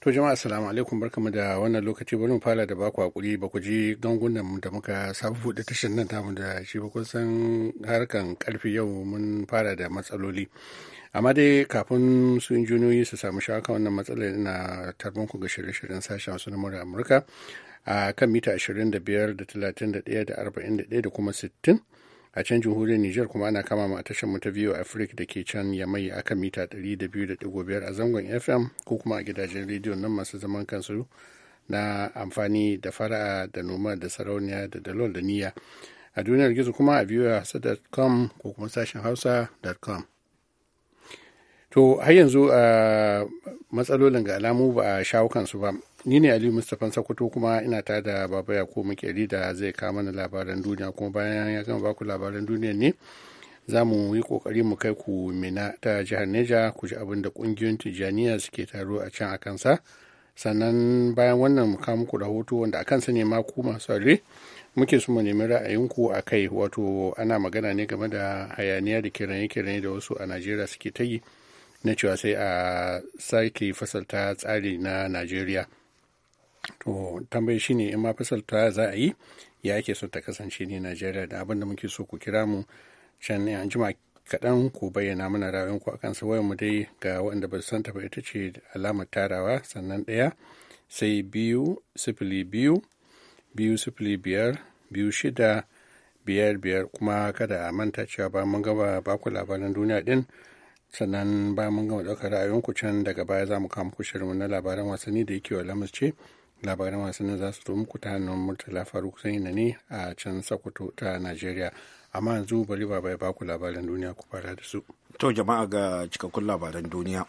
To jama'a assalamu alaikum barkamu da wannan lokaci bari mu fara da baku hakuri ba ku ji gangunan da muka sabu buɗe tashar nan tamu da shi ba kun san harkan karfi yau mun fara da matsaloli. Amma dai kafin su injiniyoyi su samu shawaka wannan matsalar na tarbon ku ga shirye-shiryen sashen wasu na Amurka a kan mita ashirin da biyar da 41 da kuma sittin? a can jamhuriyar niger kuma ana kama ma a tashar mu ta biyu Africa da ke can Yamai akan mita ɗari da da biyu 200.5 a zangon FM ko kuma a gidajen rediyon nan masu zaman kansu na amfani da fara'a da noma da sarauniya da dalol da niyya a duniyar gizo kuma a biyu viewers.com ko kuma sashen hausa.com to har yanzu a ah, matsalolin ga alamu ba a shawo kansu ba Ni ne Aliyu Mustapha Sokoto kuma ina ta da Baba Yakubu Mukeri da zai kawo mana labaran duniya kuma bayan ya gama baku labaran duniya ne za mu yi kokari mu kai ku mina ta jihar Neja ku ji abin da kungiyoyin Tijjaniya suke taro a can a sa Sannan bayan wannan mu kawo muku rahoto wanda a kansa ne ma ku masu aure muke su mu nemi ra'ayinku a kai wato ana magana ne game da hayaniya da kiranye-kiranye da wasu a Najeriya suke ta yi na cewa sai a sake fasalta tsari na Najeriya. to tambayi shine in ma fasalta za a yi ya ake so ta kasance ne najeriya da abin da muke so ku kira mu can an jima kaɗan ku bayyana mana ra'ayinku akan su mu dai ga waɗanda ba su santa ba ita ce alamar tarawa sannan ɗaya sai biyu sifili biyu biyu sifili biyar biyu shida biyar biyar kuma kada a manta cewa ba mun gaba ba ku labaran duniya ɗin sannan ba mun gama ɗaukar ra'ayinku can daga baya za mu kama ku shirin na labaran wasanni da yake wa lamus ce labaran wasannin za su zo muku ta hannun murtala faruk sai ne a can sokoto ta najeriya amma yanzu bari ba bai baku labaran duniya ku fara da su to jama'a ga cikakkun labaran duniya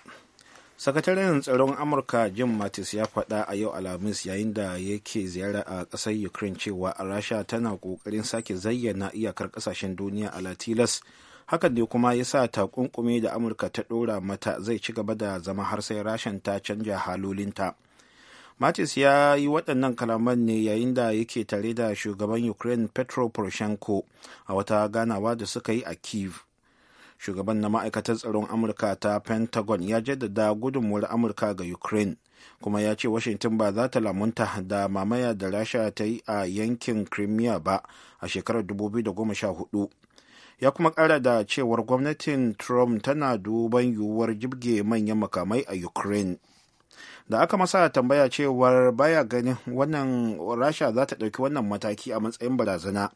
sakataren tsaron amurka jim mattis ya faɗa a yau alhamis yayin da yake ziyara a ƙasar ukraine cewa a rasha tana ƙoƙarin sake zayyana iyakar ƙasashen duniya a latilas hakan ne kuma ya sa takunkumi da amurka ta ɗora mata zai ci gaba da zama har sai rashin ta canja halolinta matis ya yi waɗannan kalaman ne yayin da yake tare da shugaban ukraine petro poroshenko a wata ganawa da suka yi a kiev shugaban na ma'aikatar tsaron amurka ta pentagon ya jaddada gudunmuwar amurka ga ukraine kuma ya ce washington ba za ta lamunta da mamaya da rasha ta yi a yankin crimea ba a shekarar 2014 ya kuma kara da cewar gwamnatin trump tana duban yiwuwar jibge manyan makamai a ukraine da aka masa tambaya cewar baya ganin wannan rasha za ta ɗauki wannan mataki a matsayin barazana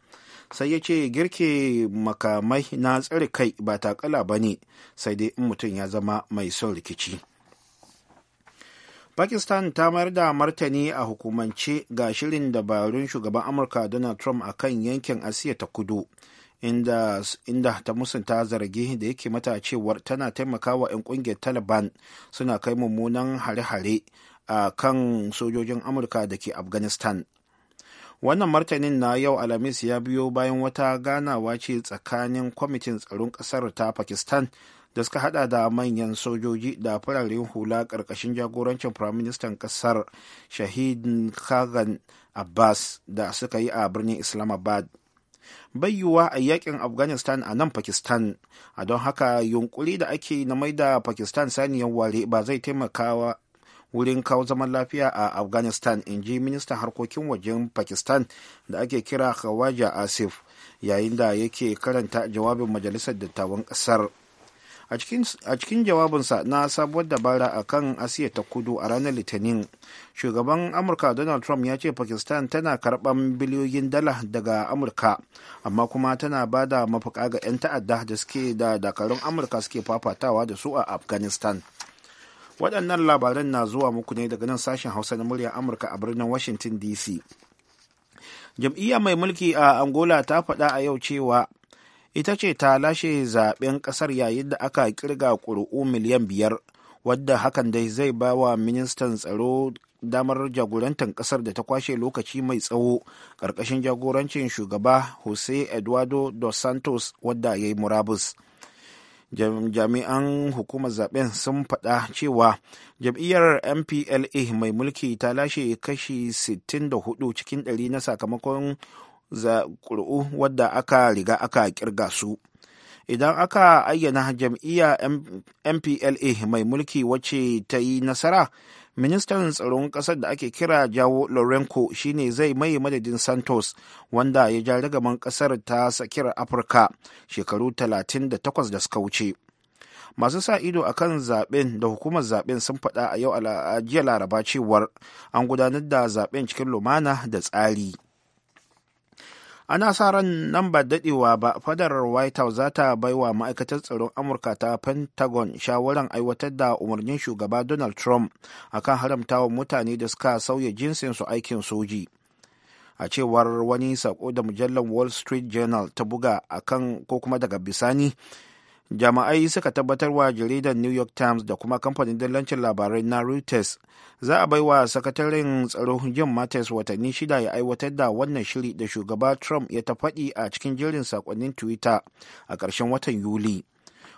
sai ya ce girke makamai na tsiri kai ba takala ba ne sai dai in mutum ya zama mai son rikici pakistan ta mayar da martani a hukumance ga shirin dabarun shugaban amurka donald trump a kan yankin asiya ta kudu inda, ta musanta zargi da yake mata cewar tana taimakawa 'yan kungiyar taliban suna kai mummunan hare-hare a kan sojojin amurka da ke afghanistan wannan martanin na yau alhamis ya biyo bayan wata ganawa ce tsakanin kwamitin tsaron ƙasar ta pakistan da suka hada da manyan sojoji da fararen hula karkashin jagorancin firaministan ƙasar shahid khagan abbas da suka yi a birnin islamabad bai a yakin afghanistan a nan pakistan a don haka yunkuri da ake na mai da pakistan saniyar ware ba zai taimakawa wurin kawo zaman lafiya a afghanistan in ji ministan harkokin wajen pakistan da ake kira khawaja asif yayin da yake karanta jawabin majalisar dattawan kasar a cikin jawabinsa na sabuwar dabara a kan asiya ta kudu a ranar litinin shugaban amurka donald trump ya ce pakistan tana karban biliyoyin dala daga amurka amma kuma tana ba da mafaka ga 'yan ta'adda da suke da dakarun amurka suke fafatawa da su a afghanistan waɗannan labaran na zuwa muku ne daga nan sashen hausa na muryar amurka a birnin washington dc jam'iyya mai mulki a angola ta faɗa a yau cewa ita ce ta lashe zaben kasar yayin da aka kirga ƙuri'u miliyan biyar wadda hakan dai zai ba wa ministan tsaro damar jagorantar kasar da ta kwashe lokaci mai tsawo ƙarƙashin jagorancin shugaba jose eduardo dos santos wadda ya yi murabus jami'an hukumar zaben sun faɗa cewa jam'iyyar mpla mai mulki ta lashe kashi 64 cikin 100 na sakamakon za ƙuri'u wadda aka riga aka ƙirga su idan aka ayyana jam'iyya mpla mai mulki wacce ta yi nasara ministan tsaron ƙasar da ake kira jawo lorenko shine zai mai madadin santos wanda ya ja ragaman ƙasar ta tsakiyar afirka shekaru 38 da suka wuce masu sa ido a kan zaben da hukumar zaɓen sun faɗa a yau a jiya laraba cewar an gudanar da zaɓen cikin lumana da tsari ana sa ran nan ba dadewa ba fadar white house za ta bai wa ma'aikatar tsaron amurka ta pentagon shawaran aiwatar da umarnin shugaba donald trump akan haramtawa mutane da suka sauya jinsinsu aikin soji a cewar wani sako da mujallar wall street journal ta buga akan ko kuma daga bisani jama'ai suka tabbatar wa jaridar new york times da kuma kamfanin dillancin labarai na reuters za a baiwa sakataren tsaro jim mattis watanni shida ya aiwatar da wannan shiri da shugaba trump ya ta faɗi a cikin jirin sakonnin twitter a ƙarshen watan yuli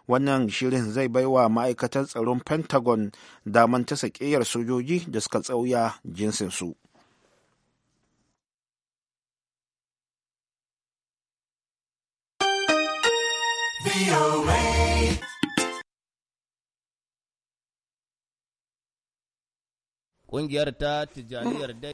wannan shirin zai baiwa ma'aikatan tsaron pentagon daman ta sakiyar sojoji da suka tsauya jinsinsu VOA. Ƙungiyar ta tijaniyar dai.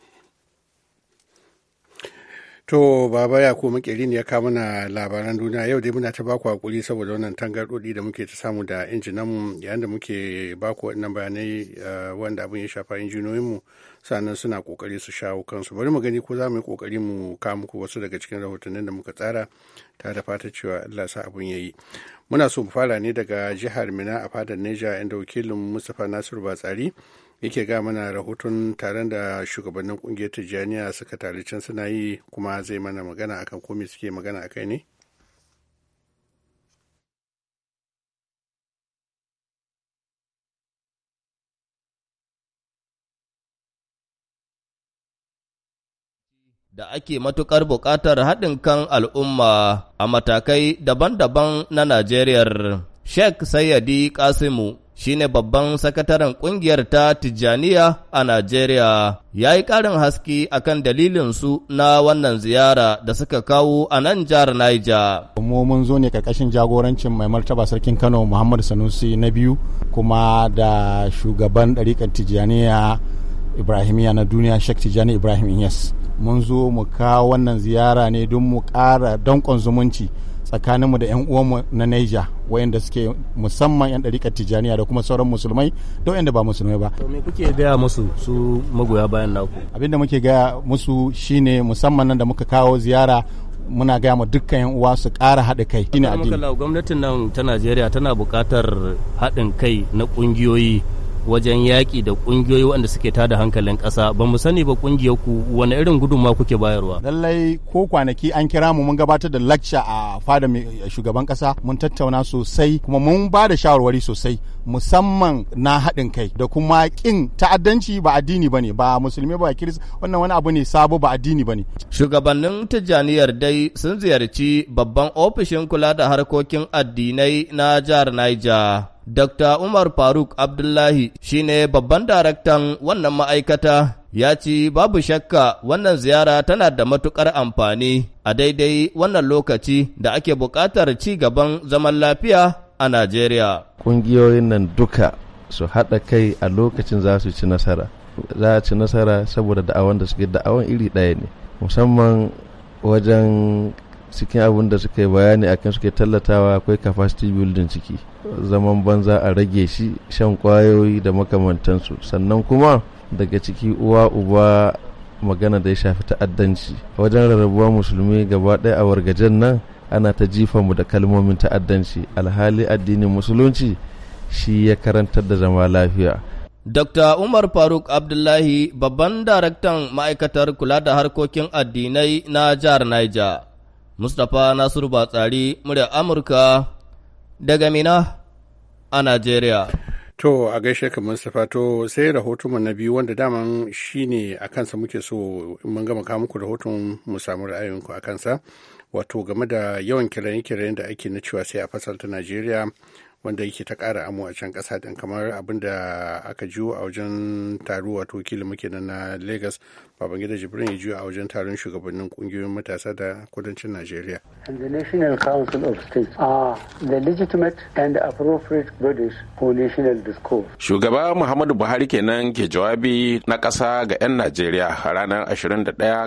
To baba ya kuma makeri ne ya kawo mana labaran duniya yau dai muna ta baku hakuri saboda wannan tangardodi da muke ta samu da injinan yayin da muke baku waɗannan bayanai eh, wanda abin ya shafa injinoyinmu sannan suna kokari su shawo kansu bari mu gani ko za mu yi kokari mu kawo muku wasu daga cikin rahotannin da muka tsara ta da fata cewa Allah sa abun yi. muna so mu fara ne daga jihar Mina a fadar Neja inda wakilin Mustapha Nasiru Batsari yake ga mana rahoton taron da shugabannin kungiyar tijjaniya suka tare can suna yi kuma zai mana magana akan komai suke magana akai ne da ake matukar buƙatar haɗin kan al'umma a matakai daban-daban na Najeriya. Sheikh Sayyadi Kasimu shine babban sakataren kungiyar ta Tijjaniya a Najeriya. Ya yi ƙarin haski akan dalilinsu na wannan ziyara da suka kawo a nan jihar Niger. Mu mun zo ne ƙarƙashin jagorancin mai martaba sarkin Kano Muhammad Sanusi na biyu kuma da shugaban ɗariƙar Tijjaniya Ibrahim na duniya Sheikh Tijjani Ibrahim Yes. Mun zo mu kawo wannan ziyara ne don mu ƙara danƙon zumunci. tsakaninmu da 'yan uwanmu na Niger wayanda suke musamman 'yan ɗariƙar Tijjaniya da kuma sauran musulmai da wayanda ba musulmai ba. me kuke gaya musu su magoya bayan naku? Abin da muke gaya musu shine musamman nan da muka kawo ziyara muna gaya ma dukkan yan uwa su ƙara haɗa kai. Ina addini. Gwamnatin nan ta Najeriya tana buƙatar haɗin kai na ƙungiyoyi wajen yaƙi da ƙungiyoyi waɗanda suke tada hankalin ƙasa ba mu sani ba ƙungiyar ku wani irin gudunmawa kuke bayarwa lallai ko kwanaki an kira mu mun gabatar da lacca a fada shugaban ƙasa mun tattauna sosai kuma mun ba da shawarwari sosai musamman na haɗin kai da kuma ƙin ta'addanci ba addini ba ne ba musulmi ba kiris wannan wani abu ne sabo ba addini ba ne. shugabannin tijjaniyar dai sun ziyarci babban ofishin kula da harkokin addinai na jihar Niger Dr. Umar Faruk Abdullahi shine babban daraktan wannan ma'aikata ya ci babu shakka wannan ziyara tana da matuƙar amfani a daidai wannan lokaci da ake buƙatar ci gaban zaman lafiya a Najeriya. Ƙungiyoyin nan duka su haɗa kai a lokacin za su ci nasara. Za a ci nasara saboda da'awan da suke iri ɗaya ne, musamman wajen cikin abin da suka yi bayani akan suke tallatawa akwai capacity building ciki zaman banza a rage shi shan kwayoyi da makamantansu sannan kuma daga ciki uwa uba magana da ya shafi ta'addanci wajen rarrabuwa musulmi gaba ɗaya a wargajen nan ana ta jifa mu da kalmomin ta'addanci alhali addinin musulunci shi ya karantar da zama lafiya Dr. Umar Faruk Abdullahi, babban daraktan ma'aikatar kula da harkokin addinai na jihar Niger, Mustapha Nasiru Batsari, murya Amurka daga Mina a Najeriya. To a gaishe ka Mustapha to sai rahoton na biyu wanda dama shine a kansa muke so mun gama kawo muku rahoton mu samu ra'ayinku a kansa wato game da yawan kiraye kiraye da ake na cewa sai a fasalta Najeriya wanda yake ta ƙara amu a can ƙasa din kamar abin da aka jiwo a wajen taro wato kila muke na Lagos Babangida Jibrin ya juya a wajen taron shugabannin kungiyoyin matasa da kudancin Najeriya. And the National Council of States are the legitimate and appropriate bodies for national discourse. Shugaba Muhammadu Buhari kenan ke jawabi na ƙasa ga 'yan Najeriya a ranar 21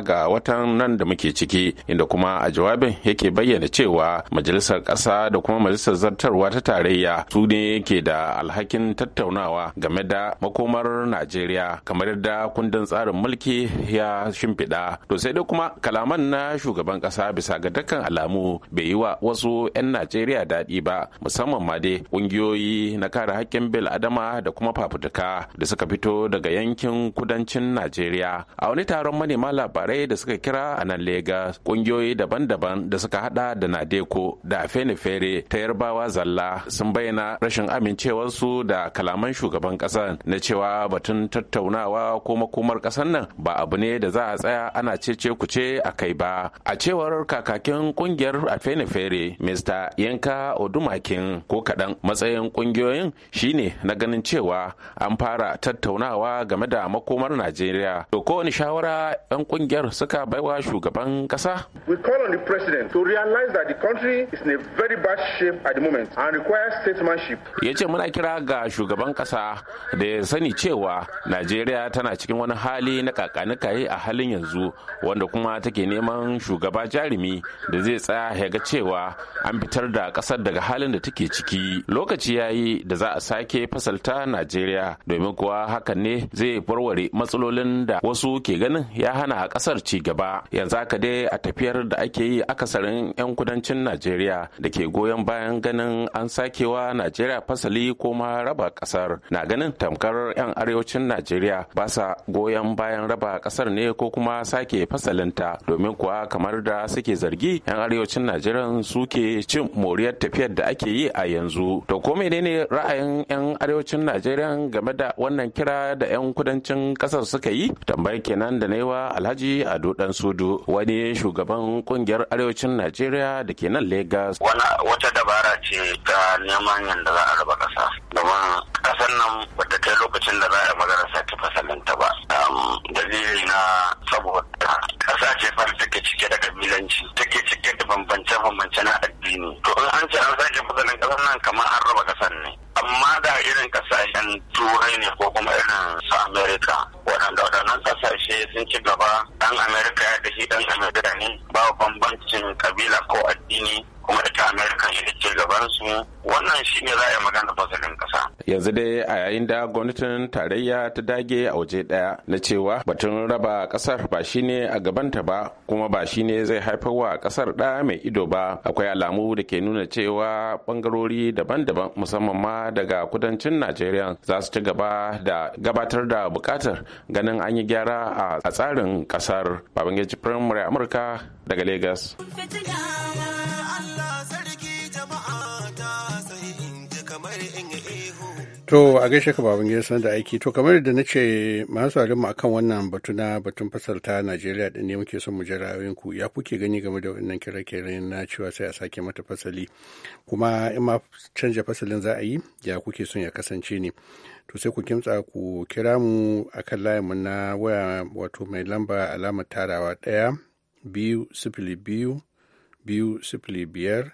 ga watan nan da muke ciki inda kuma a jawabin yake bayyana cewa majalisar ƙasa da kuma majalisar zartarwa ta tarayya su ne ke da alhakin tattaunawa game da makomar Najeriya kamar yadda kundin tsarin mulki ya shimfiɗa to sai dai kuma kalaman na shugaban ƙasa bisa ga dukkan alamu bai yi wa wasu 'yan najeriya daɗi ba musamman ma dai ƙungiyoyi na kare haƙƙin bil adama da kuma fafutuka da suka fito daga yankin kudancin najeriya a wani taron manema labarai da suka kira a nan legas ƙungiyoyi daban-daban da suka haɗa da nadeko da fenifere ta yarbawa zalla sun bayyana rashin amincewarsu da kalaman shugaban ƙasan na cewa batun tattaunawa ko makomar ƙasar nan ba abu abu ne da za a tsaya ana cece ku ce a kai ba a cewar kakakin kungiyar a fere mr yanka odumakin ko kaɗan matsayin kungiyoyin shine na ganin cewa an fara tattaunawa game da makomar najeriya to kowane shawara 'yan kungiyar suka baiwa shugaban kasa we call on the president to realize that the country is in a very bad shape at the moment and requires statesmanship ya ce muna kira ga shugaban kasa da ya sani cewa najeriya tana cikin wani hali na kakani yi a halin yanzu wanda kuma take neman shugaba jarumi da zai tsaya ya ga cewa an fitar da kasar daga halin da take ciki lokaci ya yi da za a sake fasalta najeriya domin kuwa hakan ne zai warware matsalolin da wasu ke ganin ya hana a kasar ci gaba yanzu haka dai a tafiyar da ake yi akasarin 'yan kudancin najeriya da ke goyon bayan ganin an sakewa najeriya fasali ko ma raba kasar na ganin tamkar 'yan arewacin najeriya ba sa goyon bayan raba kasar ne ko kuma sake fasalinta domin kuwa kamar da suke zargi 'yan arewacin najeriya suke cin moriyar tafiyar da ake yi a yanzu to ko menene ra'ayin 'yan arewacin najeriya game da wannan kira da 'yan kudancin kasar suka yi tambayar kenan da naiwa alhaji ado dan sudu wani shugaban kungiyar arewacin najeriya da ke nan lagos wata dabara ce ta neman yadda za a raba kasa domin kasar nan bata kai lokacin da za a magana sake fasalinta ba dalili na saboda ƙasa ce fara take cike da kabilanci take cike da bambance-bambance na addini to in an ce an sake fasalin ƙasar nan kamar an raba ƙasar ne amma da irin ƙasashen turai ne ko kuma irin su amerika waɗanda waɗannan ƙasashe sun ci gaba ɗan amerika ya da shi ɗan amerika ne ba bambancin kabila ko addini kuma ita amerika ce gaban su wannan shine za a yi magana fasalin kasa yanzu dai a yayin da gwamnatin tarayya ta dage a waje daya na cewa batun raba kasar ba shine a gabanta ba kuma ba shine zai haifar wa kasar da mai ido ba akwai alamu da ke nuna cewa bangarori daban-daban musamman ma daga kudancin najeriya za su ci gaba da gabatar da bukatar ganin an yi gyara a tsarin kasar babangeji firamare amurka daga lagos To a gaishe ka baban gida da aiki to kamar da na ce masu mu akan wannan batu na batun fasalta Najeriya din ne muke son mu jira ku ya kuke gani game da wannan kire na cewa sai a sake mata fasali kuma in ma canja fasalin za a yi ya kuke son ya kasance ne to sai ku kimtsa ku kira mu akan layin mu na waya wato mai lamba alamar tarawa ɗaya biyu sifili biyu biyu sifili biyar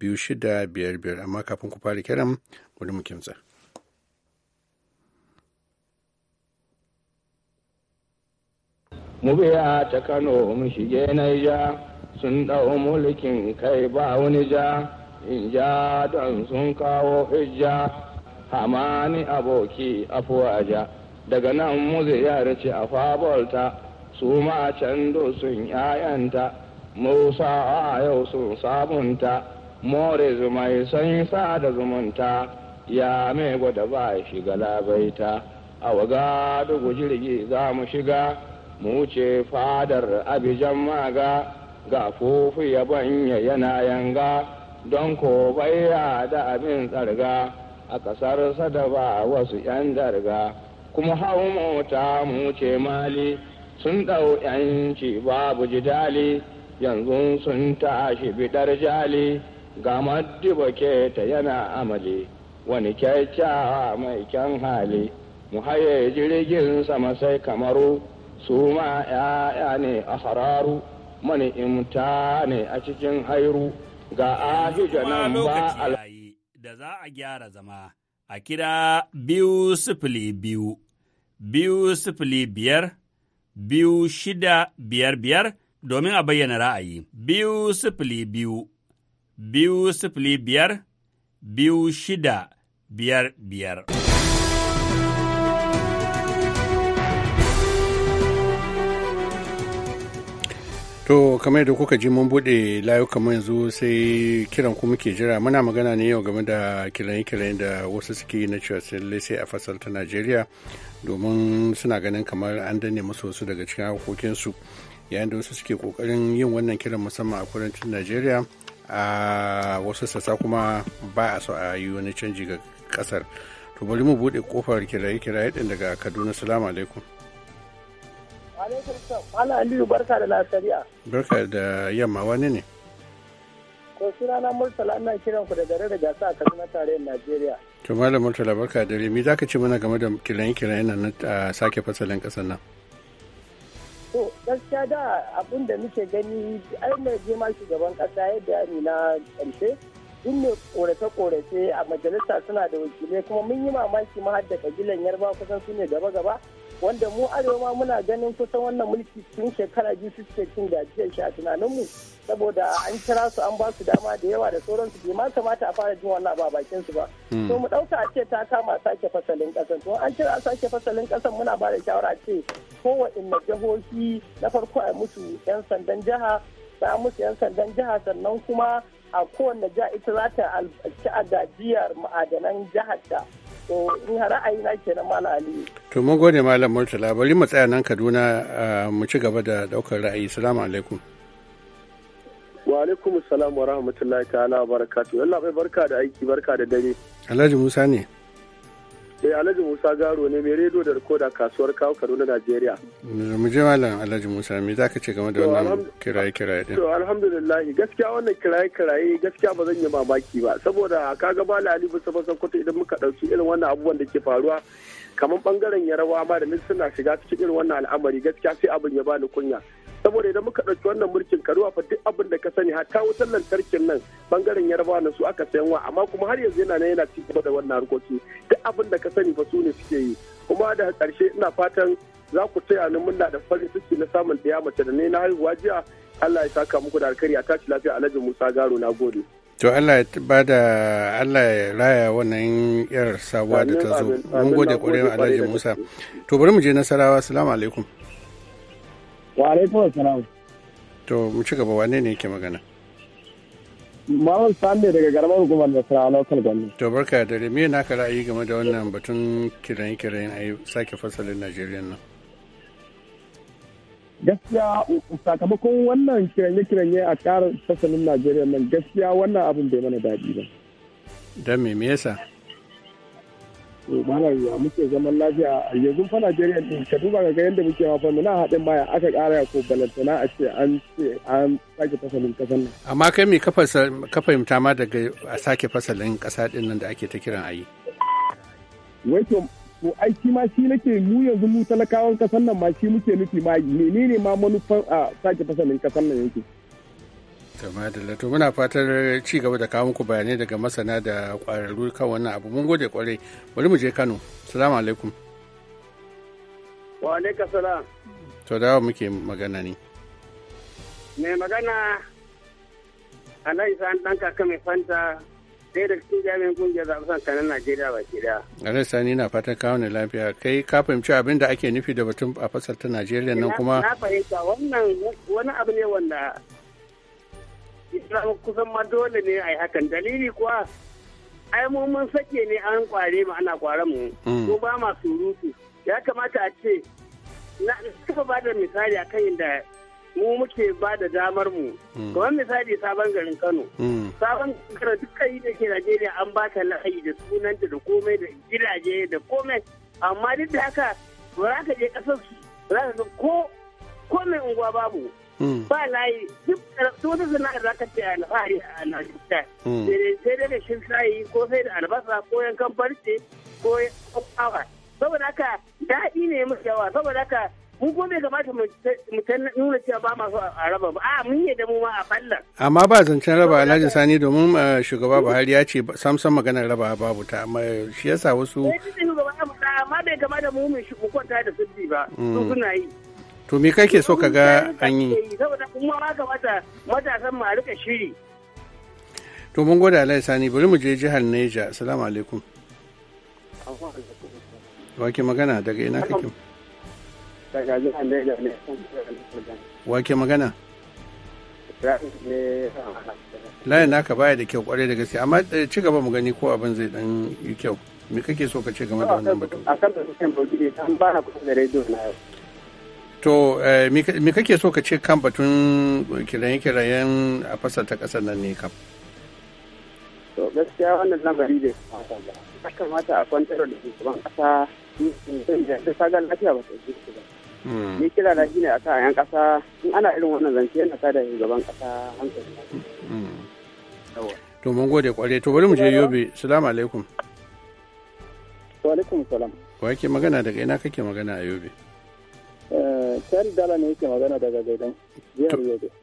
biyu shida biyar biyar amma kafin ku fara kiran bari mu kimtsa. mu biya ta kano mu shige ja sun ɗau mulkin kai ba wani ja in ja don sun kawo hijja hamani aboki afuwaja daga nan mu ziyarci a fabolta su ma can sun yayanta musa a yau sun sabunta more mai san sa da zumunta ya mai gwada ba shiga labaita a waga dugu jirgi za mu shiga mu ce fadar abijan maga ga fufu ya banya yana yanga don ko baya da abin tsarga a ƙasar ba wasu 'yan darga kuma hau mota mu ce mali sun ɗau 'yanci babu jidali yanzu sun tashi bidar jali ga maddiba ta yana amali wani kyakkyawa mai kyan hali mu haye jirgin sama sai kamaru su ma ‘ya'ya ne a hararu mani imta ne a cikin hairu ga ahija nan ba al da za a gyara zama a kira biyu sifili biyu biyu sifili biyar biyu shida biyar biyar domin a bayyana ra'ayi biyu sifili biyu biyu sifili biyar biyu shida biyar biyar. To kamar da kuka ji mun bude layuka mu yanzu sai kiran ku muke jira muna magana ne yau game da kiraye kiran da wasu suke na cewa sai a fasal ta Najeriya domin suna ganin kamar an danne musu wasu daga cikin su yayin da wasu suke kokarin yin wannan kiran musamman a kudancin Najeriya a wasu sassa kuma ba a so a yi wani canji ga kasar. To bari mu bude kofar kiraye-kiraye din daga Kaduna. Salamu alaikum. Ala Aliyu barka da lasariya. Barka da yamma wani ne? To suna na Murtala ana kiran ku da gare da gasa a Kaduna tarayyar Najeriya. To Malam Murtala barka da remi za ka ce mana game da kirayen kiran nan na sake fasalin ƙasar nan. To gaskiya da abin da muke gani ai mai jima shugaban ƙasa yadda ya nuna ƙarshe duk ne ƙorace korafe a majalisa suna da wakilai kuma mun yi mamaki ma har da kabilan yarba kusan su ne gaba-gaba wanda mu arewa ma muna ganin kusan wannan mulki tun shekara biyu su suke cin gajiyar shi a tunaninmu saboda an kira su an ba su dama da yawa da sauransu bai ma kamata a fara jin wannan ba bakin su ba to mu ɗauka a ce ta kama sake fasalin kasan to an kira a sake fasalin kasan muna ba da shawara ce kowanne jihohi na farko a musu yan sandan jiha za musu yan sandan jiha sannan kuma a kowanne jiha ita za ta ci a gajiyar ma'adanan jihar ta in ra'ayi na to mun gode malam murtala bari mu tsaya nan kaduna mu ci gaba da daukar ra'ayi salamu alaikum wa alaikum salam wa rahmatullahi ta'ala wa barakatuh Allah bai barka da aiki barka da dare alhaji musa ne Eh Alhaji Musa Garo ne mai rediyo da rikoda kasuwar kawo Kaduna Najeriya. Eh, mu je malam Alhaji Musa me za ka ce game da wannan kiraye kiraye din? To alhamdulillah gaskiya wannan kiraye kiraye gaskiya ba zan yi mamaki ba saboda ka ga ba Ali bisa ba kwata idan muka dauki irin wannan abubuwan da ke faruwa kamar bangaren Yarawa ma da suna shiga cikin irin wannan al'amari gaskiya sai abin ya bani kunya. saboda idan muka ɗauki wannan mulkin karuwa fa duk abin da ka sani hatta wutar lantarkin nan bangaren yarba na su aka sayan wa amma kuma har yanzu yana nan yana ci gaba da wannan harkoki duk abin da ka sani fa su ne suke yi kuma da karshe ina fatan za ku taya ni murna da farin ciki na samun ɗaya mace da ne na haihuwa jiya Allah ya saka muku da alkhairi a tashi lafiya Alhaji Musa Garo na gode. To Allah ya bada Allah ya raya wannan yar sabuwa da ta zo. Mun gode ƙwarai Alhaji Musa. To bari mu je Nasarawa. Assalamu alaikum. Wa alaikum assalam. To mu ci gaba wane ne yake magana? Malam Sande daga garamar hukumar Nasarawa local government. To barka da dare me naka ra'ayi game da wannan batun kirayen-kirayen a sake fasalin Najeriya nan? Gaskiya sakamakon wannan kiranye-kiranye a ƙarar fasalin Najeriya nan gaskiya wannan abin bai mana daɗi ba. Don me me yasa? malam ya muke zaman lafiya a yanzu fa Najeriya din ka duba ga yadda muke ma fa muna haɗin baya aka ƙara ya ko balantana a ce an ce an sake fasalin ƙasar nan. Amma kai me ka fahimta ma daga a sake fasalin ƙasa din nan da ake ta kiran ayi. Wai to to ai shi ma shi nake mu yanzu mu talakawan ƙasar nan ma shi muke nufi ma menene ma manufan a sake fasalin ƙasar nan yake. Tamadala to muna fatar ci gaba da kawo muku bayanai daga masana da kwararru kan wannan abu mun gode kwarai bari mu je Kano. Salamu alaikum. Wa alaikum salam. To dawa muke magana ne. Mai magana Alhaji Sani dan kaka mai fanta dai da cikin jami'in kungiyar zaɓen kanan Najeriya ba ke da. Alhaji Sani na fatan kawo ne lafiya kai ka fahimci abin da ake nufi da batun a fasalta ta Najeriya nan kuma. Na fahimta wannan wani abu ne wanda kusan ma dole ne a yi hakan dalili kuwa ai mu mun sake ne an kware mu ana kware mu ko mm. ba ma surutu ya kamata a ce na kafa ba da misali akan inda mu muke ba da damar mu mm. kamar misali sabon garin Kano mm. sabon garin dukkan da ke Najeriya an ba ta la'ayi da sunanta da komai da gidaje da komai amma duk da haka ba za ka je kasar su za ka ko ko mai unguwa babu Hmm. ba layi duk wata sana'ar za ka ce alfahari a Najeriya sai hmm. dai da shin shayi ko sai da albasa ko yankan barce ko kawa saboda haka daɗi ne mu yawa saboda haka mu kuma bai kamata mu nuna cewa ba masu a raba ba a mun yadda mu ma a fallan amma ba zancen raba alhaji sani domin eh, shugaba buhari ya ce samsan maganar raba babu ta amma shi yasa wasu amma bai kamata mu mu kwanta da sirri ba su hmm. suna yi to me kake so kaga an yi saboda kuma ma kamata matasan ma rika shiri to mun gwada Allah sani bari mu je jihar Neja assalamu alaikum wake magana daga ina kake daga jihar Neja ne wake magana layin naka baya da kyau kwarai da gaske amma eh, ci gaba mu gani ko abin zai dan yi kyau me kake so ka ce game da wannan batun a kan da suke bauki an ba na kusa da rediyo na yau To eh, me kake so ka ce kan batun kiraye-kirayen a fasa ta ƙasar nan ne kam? To gaskiya wannan lamari da ya kamata a kwantar da shugaban ƙasa da sagar lafiya ba ta yi ba. Hmm. Ni kira na shi ne a kan 'yan ƙasa in ana irin wannan zance yana ta da shugaban ƙasa hankali. Hmm. To mun gode kware to bari mu je Yobe. Salamu alaikum. Wa alaikum salam. Wa yake magana daga ina kake magana a Yobe? Tari eh, Dala ne yake magana daga Gaidan.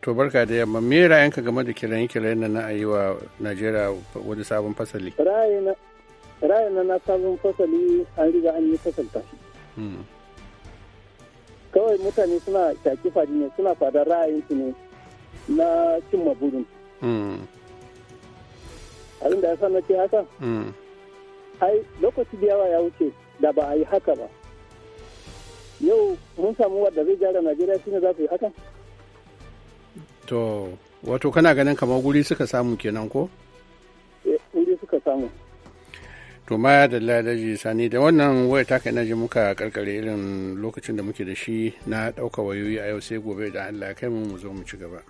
To barka da yamma me ra'ayinka game da kirayen-kirayen na a yi wa Najeriya wani sabon fasali? Ra'ayin na sabon fasali an riga an yi fasalta. Hmm. Kawai mutane suna shaki fadi ne suna fadar ra'ayinsu ne na cimma burin. Hmm. Abin da ya sa na ce haka? Hmm. Ai lokaci da yawa ya wuce da ba a yi haka ba. yau mun samu wadda zai gyara najeriya shine za su yi hakan to wato kana ganin kamar guri suka samu kenan ko eh, guri suka samu to ma da sani da wannan waya taka ina ji muka karkare irin lokacin da muke da shi na ɗauka wayoyi a yau sai gobe da allah kai mu mu zo mu ci gaba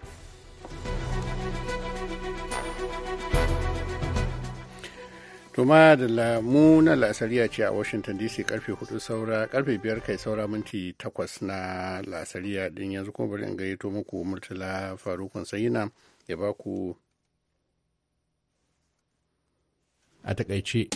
Tuma da lamuna na ce a Washington DC karfe 4 saura karfe 5 kai saura minti 8 na la'asariya din yanzu kuma bari in gayyato muku Murtala Farukun Sayina ya ba ku a takaice.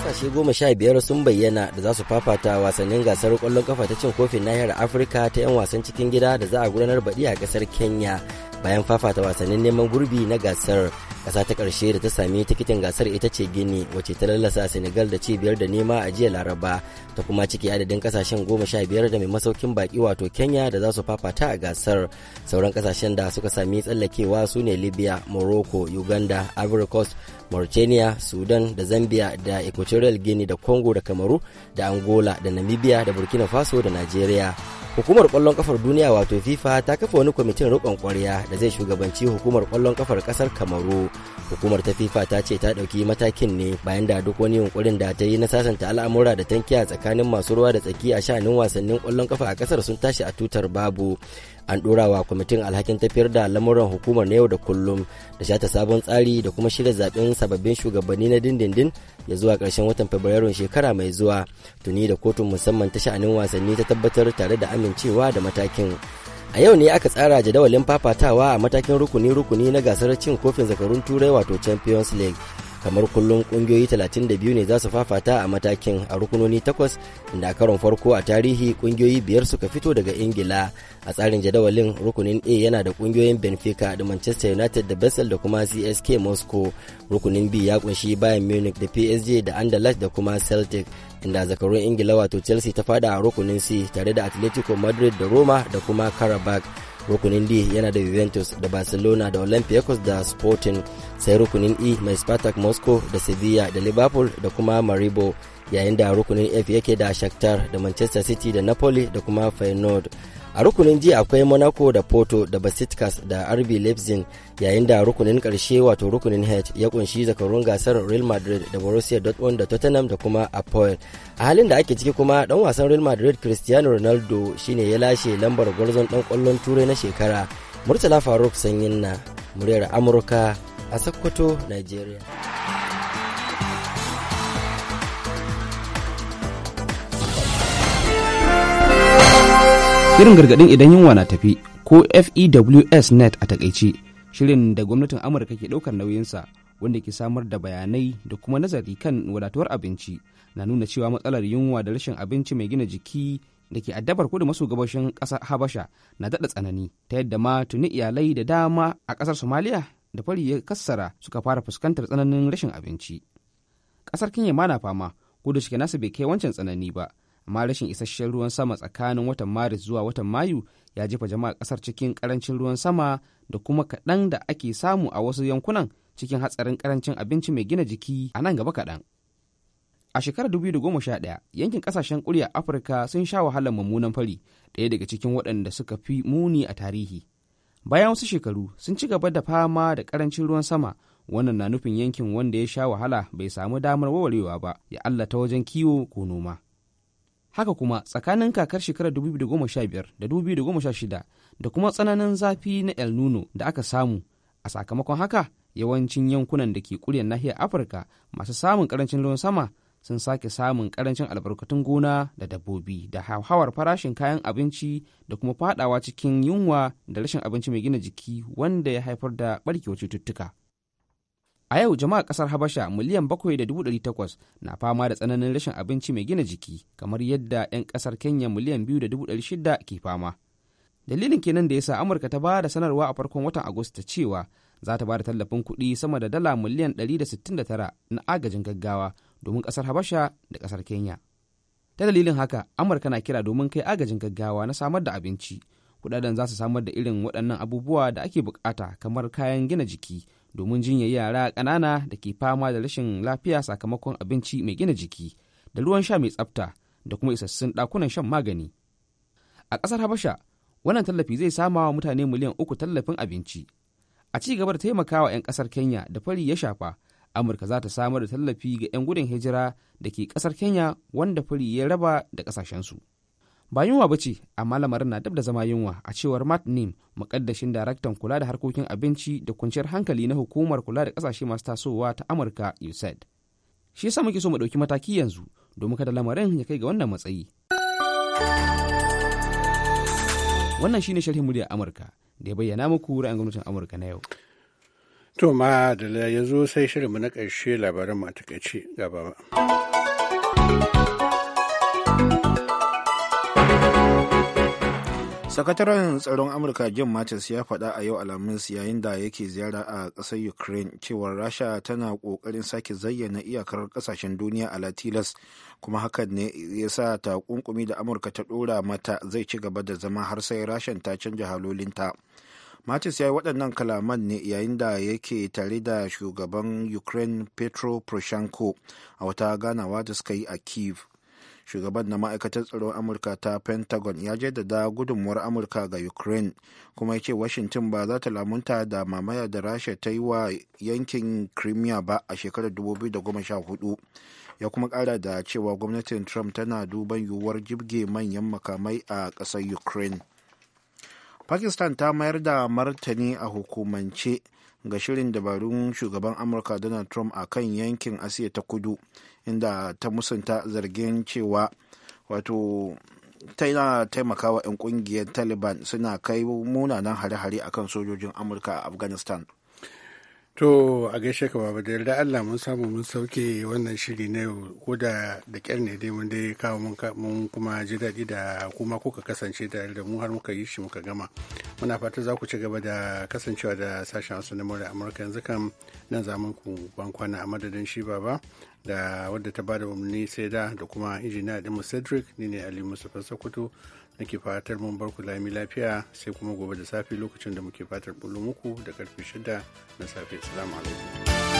kasashe goma sha biyar sun bayyana da za su fafata wasannin gasar kwallon kafa ta cin kofin nahiyar afirka ta 'yan wasan cikin gida da za a gudanar baɗi a ƙasar kenya bayan fafata wasannin neman gurbi na gasar ƙasa ta ƙarshe da ta sami tikitin gasar ita ce gini wacce ta lallasa senegal da cibiyar da nema a jiya laraba ta kuma ciki adadin ƙasashen goma sha biyar da mai masaukin baki wato kenya da za su fafata a gasar sauran ƙasashen da suka sami tsallakewa su ne libya morocco uganda ivory coast mauritania sudan da zambia da equatorial guinea da congo da kamaru da angola da namibia da burkina faso da nigeria hukumar kwallon kafar duniya wato fifa ta kafa wani kwamitin rikon kwarya da zai shugabanci hukumar kwallon ƙafar ƙasar kamaru hukumar ta fifa ta ce ta ɗauki matakin ne bayan da duk wani yunƙurin da ta yi na sasanta al'amura da tankiya tsakanin masu ruwa da tsaki a sha'anin wasannin kwallon ƙafa a ƙasar sun tashi a tutar babu an dora wa kwamitin alhakin tafiyar da lamuran hukumar na yau da kullum da shata sabon tsari da kuma shirya zaben sababbin shugabanni na dindindin ya zuwa karshen watan fabrairun shekara mai zuwa tuni da kotun musamman ta sha'anin wasanni ta tabbatar tare da amincewa da matakin a yau ne aka tsara jadawalin fafatawa a matakin rukuni-rukuni na gasar cin kofin zakarun turai wato champions league kamar kullum kungiyoyi 32 ne za su fafata a matakin a rukunoni takwas inda a karon farko a tarihi kungiyoyi biyar suka fito daga ingila a tsarin jadawalin rukunin a yana da kungiyoyin benfica da manchester united da basel da kuma csk moscow rukunin b ya kunshi bayan munich da psg da anderlecht da kuma celtic inda zakarun ingila wato chelsea ta fada a rukunin c tare da atletico madrid da roma da kuma karabakh rukunin d yana da juventus da barcelona da olympiacos da sporting sai rukunin e mai spartak moscow da sevilla da liverpool da kuma maribo yayin da rukunin f yake da shakhtar da manchester city da napoli da kuma feyenoord a rukunin ji akwai monaco da porto da basitkas da rb leipzig yayin da rukunin karshe wato rukunin h ya kunshi zakarun gasar real madrid da borussia dortmund da tottenham da kuma apoel a halin da ake ciki kuma dan wasan real madrid cristiano ronaldo shine ya lashe lambar gwarzon dan kwallon turai na shekara murtala faruk sanyin na muryar amurka a sokoto nigeria Shirin gargadin idan yunwa na tafi ko FEWS net a takaice shirin da gwamnatin Amurka ke ɗaukar nauyinsa wanda ke samar da bayanai da kuma nazari kan wadatuwar abinci na nuna cewa matsalar yunwa da rashin abinci mai gina jiki da ke addabar kudu maso gabashin kasa Habasha na daɗa tsanani ta yadda ma tuni iyalai da dama a ƙasar somaliya da fari ya kassara suka fara fuskantar tsananin rashin abinci. Ƙasar Kenya ma na fama ko da shike nasa bai kai wancan tsanani ba amma rashin isasshen ruwan sama tsakanin watan maris zuwa watan mayu ya jefa jama'a kasar cikin karancin ruwan sama da kuma kaɗan da ake samu a wasu yankunan cikin hatsarin karancin abinci mai gina jiki a nan gaba kaɗan a shekarar 2011 yankin kasashen kuriya afirka sun sha wahalar mummunan fari ɗaya daga cikin waɗanda suka fi muni a tarihi bayan wasu shekaru sun ci gaba da fama da karancin ruwan sama wannan na nufin yankin wanda ya sha wahala bai samu damar wawarewa ba ya allata wajen kiwo ko noma haka kuma tsakanin kakar shekarar 2015 da 2016 da kuma tsananin zafi na el nuno da aka samu a sakamakon haka yawancin yankunan da ke kuryar nahiyar afirka masu samun karancin ruwan sama sun sake samun karancin albarkatun gona da dabbobi da hauhawar farashin kayan abinci da kuma fadawa cikin yunwa da rashin abinci mai gina jiki wanda ya haifar da barkewar cututtuka A yau jama'a kasar Habasha miliyan takwas na fama da tsananin rashin abinci mai gina jiki kamar yadda 'yan kasar Kenya miliyan shida ke fama. Dalilin kenan da yasa Amurka ta ba da sanarwa a farkon watan Agusta cewa za ta ba da tallafin kuɗi sama da dala miliyan 169 na agajin gaggawa domin kasar Habasha da kasar Kenya. Ta dalilin haka Amurka na kira domin kai agajin gaggawa na samar da abinci. Kudaden za su samar da irin waɗannan abubuwa da ake bukata kamar kayan gina jiki domin jinya yara ƙanana da ke fama da rashin lafiya sakamakon abinci mai gina jiki da ruwan sha mai tsafta da kuma isassun ɗakunan shan magani a ƙasar habasha wannan tallafi zai sama wa mutane miliyan uku tallafin abinci a ci gaba da taimakawa 'yan ƙasar kenya da fari ya shafa amurka za ta samar da tallafi ga 'yan gudun hijira da ke ƙasar kenya wanda fari ya raba da ƙasashensu. ba yunwa ba ce amma lamarin na dab da zama yunwa a cewar matt nim mukaddashin daraktan kula da harkokin abinci da kwanciyar hankali na hukumar kula da kasashe masu tasowa ta amurka usaid shi yasa muke so mu ɗauki mataki yanzu domin kada lamarin ya kai ga wannan matsayi wannan shine sharhin murya amurka da ya bayyana muku ra'ayin gwamnatin amurka na yau to ma da yanzu sai shirinmu na ƙarshe labaran mu a gaba sakataren tsaron amurka jim mattis ya faɗa a yau alamis yayin da yake ziyara a ƙasar ukraine cewa rasha tana ƙoƙarin sake zayyana iyakar ƙasashen duniya a latilas kuma hakan ne ya sa ta kunkumi da amurka ta ɗora mata zai ci gaba da zama har sai rashan ta canja halolinta mattis ya yi waɗannan kalaman ne yayin da yake tare da shugaban ukraine petro poroshenko a wata ganawa da suka yi a kiev shugaban na ma'aikatar tsaron amurka ta pentagon ya jaddada gudunmuwar amurka ga ukraine kuma ya ce washington ba za ta lamunta da mamaya da rasha ta yi wa yankin crimea ba a shekarar 2014 ya kuma kara da cewa gwamnatin trump tana duban yiwuwar jibge manyan makamai a ƙasar ukraine pakistan ta mayar da martani a hukumance ga shirin dabarun shugaban amurka donald trump a kan yankin asiya ta kudu inda ta musanta zargin cewa wato tana taimakawa 'yan kungiyar taliban suna kai munanan hare-hare akan sojojin amurka a afghanistan To a gaishe ka baba da yarda Allah mun samu mun sauke wannan shiri na yau ko da da kyar ne dai mun dai kawo mun kuma ji daɗi da kuma kuka kasance da da mu har muka yi shi muka gama. Muna fata za ku ci gaba da kasancewa da sashen wasu na Amurka yanzu kan nan zamun ku ban kwana a madadin shi baba da wadda ta bada umarni sai da da kuma injiniya mu cedric ni ne ali mustapha sokoto nake fatar mun barku lami lafiya sai kuma gobe da safe lokacin da muke fatar bulu muku da karfe shida na safe salamu alaikum